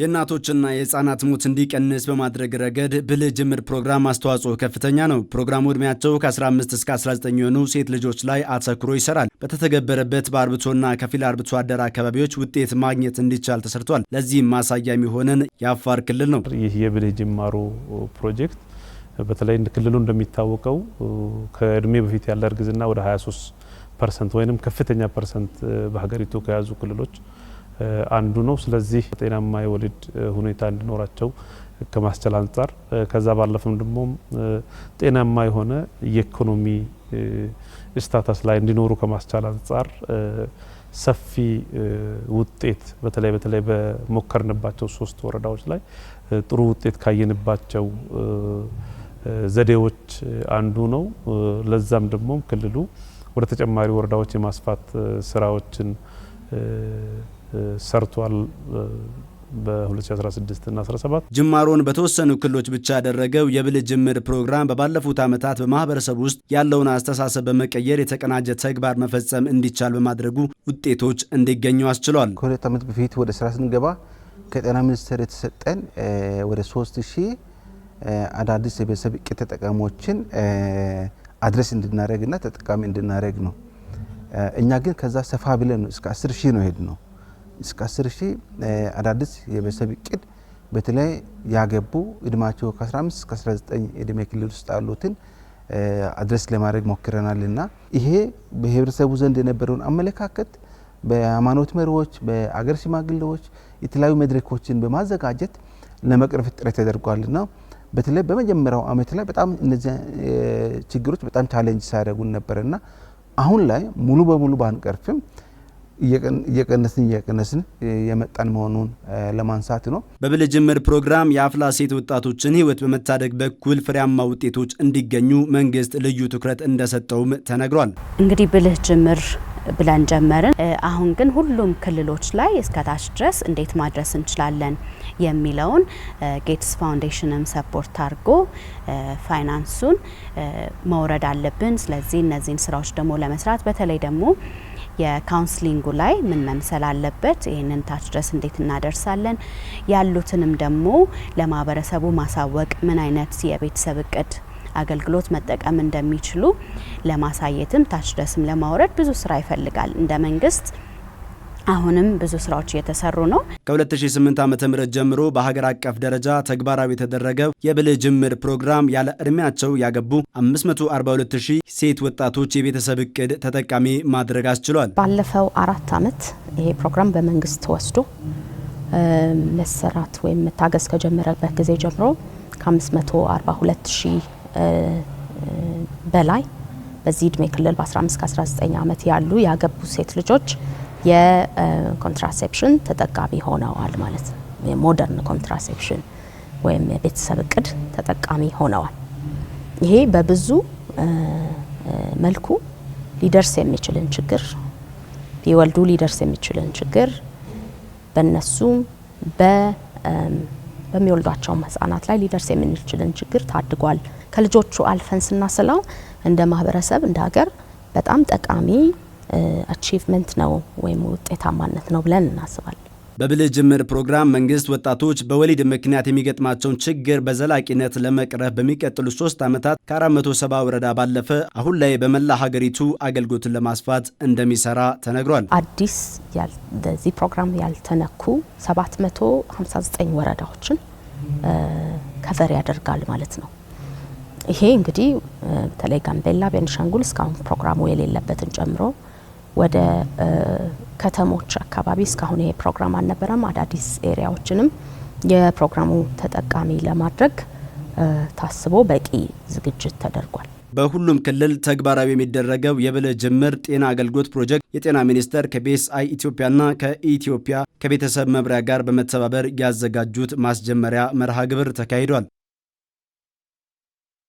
የእናቶችና የህፃናት ሞት እንዲቀንስ በማድረግ ረገድ ብልህ ጅምር ፕሮግራም አስተዋጽኦ ከፍተኛ ነው። ፕሮግራሙ እድሜያቸው ከ15 እስከ 19 የሆኑ ሴት ልጆች ላይ አተኩሮ ይሰራል። በተተገበረበት በአርብቶና ከፊል አርብቶ አደር አካባቢዎች ውጤት ማግኘት እንዲቻል ተሰርቷል። ለዚህም ማሳያ የሚሆነን የአፋር ክልል ነው። ይህ የብልህ ጅማሩ ፕሮጀክት በተለይ ክልሉ እንደሚታወቀው ከእድሜ በፊት ያለ እርግዝና ወደ 23 ፐርሰንት ወይም ከፍተኛ ፐርሰንት በሀገሪቱ ከያዙ ክልሎች አንዱ ነው። ስለዚህ ጤናማ የወሊድ ሁኔታ እንዲኖራቸው ከማስቻል አንጻር ከዛ ባለፈም ደግሞ ጤናማ የሆነ የኢኮኖሚ ስታተስ ላይ እንዲኖሩ ከማስቻል አንጻር ሰፊ ውጤት በተለይ በተለይ በሞከርንባቸው ሶስት ወረዳዎች ላይ ጥሩ ውጤት ካየንባቸው ዘዴዎች አንዱ ነው። ለዛም ደግሞ ክልሉ ወደ ተጨማሪ ወረዳዎች የማስፋት ስራዎችን ሰርቷል። በ2016 እና 17 ጅማሮን በተወሰኑ ክልሎች ብቻ ያደረገው የብል ጅምር ፕሮግራም በባለፉት ዓመታት በማህበረሰብ ውስጥ ያለውን አስተሳሰብ በመቀየር የተቀናጀ ተግባር መፈጸም እንዲቻል በማድረጉ ውጤቶች እንዲገኙ አስችሏል። ከሁለት ዓመት በፊት ወደ ስራ ስንገባ ከጤና ሚኒስቴር የተሰጠን ወደ 3000 አዳዲስ የቤተሰብ እቅድ ተጠቃሚዎችን አድረስ እንድናደረግ ና ተጠቃሚ እንድናደረግ ነው። እኛ ግን ከዛ ሰፋ ብለን ነው እስከ 10 ሺህ ነው ሄድ ነው እስከ 10 ሺህ አዳዲስ የቤተሰብ እቅድ በተለይ ያገቡ እድማቸው ከ15 እስከ 19 እድሜ ክልል ውስጥ ያሉትን አድረስ ለማድረግ ሞክረናል እና ይሄ በህብረተሰቡ ዘንድ የነበረውን አመለካከት በሃይማኖት መሪዎች፣ በአገር ሽማግሌዎች የተለያዩ መድረኮችን በማዘጋጀት ለመቅረፍ ጥረት ተደርጓል እና በተለይ በመጀመሪያው ዓመት ላይ በጣም እነዚህ ችግሮች በጣም ቻሌንጅ ሲያደርጉን ነበር አሁን ላይ ሙሉ በሙሉ ባንቀርፍም እየቀነስን እየቀነስን የመጣን መሆኑን ለማንሳት ነው። በብልህ ጅምር ፕሮግራም የአፍላ ሴት ወጣቶችን ህይወት በመታደግ በኩል ፍሬያማ ውጤቶች እንዲገኙ መንግስት ልዩ ትኩረት እንደሰጠውም ተነግሯል። እንግዲህ ብልህ ጅምር ብለን ጀመርን። አሁን ግን ሁሉም ክልሎች ላይ እስከታች ድረስ እንዴት ማድረስ እንችላለን የሚለውን ጌትስ ፋውንዴሽንም ሰፖርት አድርጎ ፋይናንሱን መውረድ አለብን። ስለዚህ እነዚህን ስራዎች ደግሞ ለመስራት በተለይ ደግሞ የካውንስሊንጉ ላይ ምን መምሰል አለበት፣ ይህንን ታች ድረስ እንዴት እናደርሳለን፣ ያሉትንም ደግሞ ለማህበረሰቡ ማሳወቅ፣ ምን አይነት የቤተሰብ እቅድ አገልግሎት መጠቀም እንደሚችሉ ለማሳየትም ታች ድረስም ለማውረድ ብዙ ስራ ይፈልጋል እንደ መንግስት አሁንም ብዙ ስራዎች እየተሰሩ ነው። ከ2008 ዓ ም ጀምሮ በሀገር አቀፍ ደረጃ ተግባራዊ የተደረገው የብልህ ጅምር ፕሮግራም ያለ ዕድሜያቸው ያገቡ 542000 ሴት ወጣቶች የቤተሰብ እቅድ ተጠቃሚ ማድረግ አስችሏል። ባለፈው አራት ዓመት ይሄ ፕሮግራም በመንግስት ወስዶ መሰራት ወይም መታገዝ ከጀመረበት ጊዜ ጀምሮ ከ542000 በላይ በዚህ እድሜ ክልል በ15 19 ዓመት ያሉ ያገቡ ሴት ልጆች የኮንትራሴፕሽን ተጠቃሚ ሆነዋል ማለት ነው። የሞደርን ኮንትራሴፕሽን ወይም የቤተሰብ እቅድ ተጠቃሚ ሆነዋል። ይሄ በብዙ መልኩ ሊደርስ የሚችልን ችግር ቢወልዱ ሊደርስ የሚችልን ችግር በእነሱም በሚወልዷቸው ህጻናት ላይ ሊደርስ የምንችልን ችግር ታድጓል። ከልጆቹ አልፈን ስናስላው እንደ ማህበረሰብ እንደ ሀገር በጣም ጠቃሚ አቺቭመንት ነው ወይም ውጤታማነት ነው ብለን እናስባለን። በብልህ ጅምር ፕሮግራም መንግስት ወጣቶች በወሊድ ምክንያት የሚገጥማቸውን ችግር በዘላቂነት ለመቅረፍ በሚቀጥሉ ሶስት ዓመታት ከ470 ወረዳ ባለፈ አሁን ላይ በመላ ሀገሪቱ አገልግሎትን ለማስፋት እንደሚሰራ ተነግሯል። አዲስ በዚህ ፕሮግራም ያልተነኩ 759 ወረዳዎችን ከቨር ያደርጋል ማለት ነው። ይሄ እንግዲህ በተለይ ጋምቤላ፣ ቤንሻንጉል እስካሁን ፕሮግራሙ የሌለበትን ጨምሮ ወደ ከተሞች አካባቢ እስካሁን ይሄ ፕሮግራም አልነበረም። አዳዲስ ኤሪያዎችንም የፕሮግራሙ ተጠቃሚ ለማድረግ ታስቦ በቂ ዝግጅት ተደርጓል። በሁሉም ክልል ተግባራዊ የሚደረገው የብልህ ጅምር ጤና አገልግሎት ፕሮጀክት የጤና ሚኒስቴር ከቢኤስአይ ኢትዮጵያና ከኢትዮጵያ ከቤተሰብ መምሪያ ጋር በመተባበር ያዘጋጁት ማስጀመሪያ መርሃ ግብር ተካሂዷል።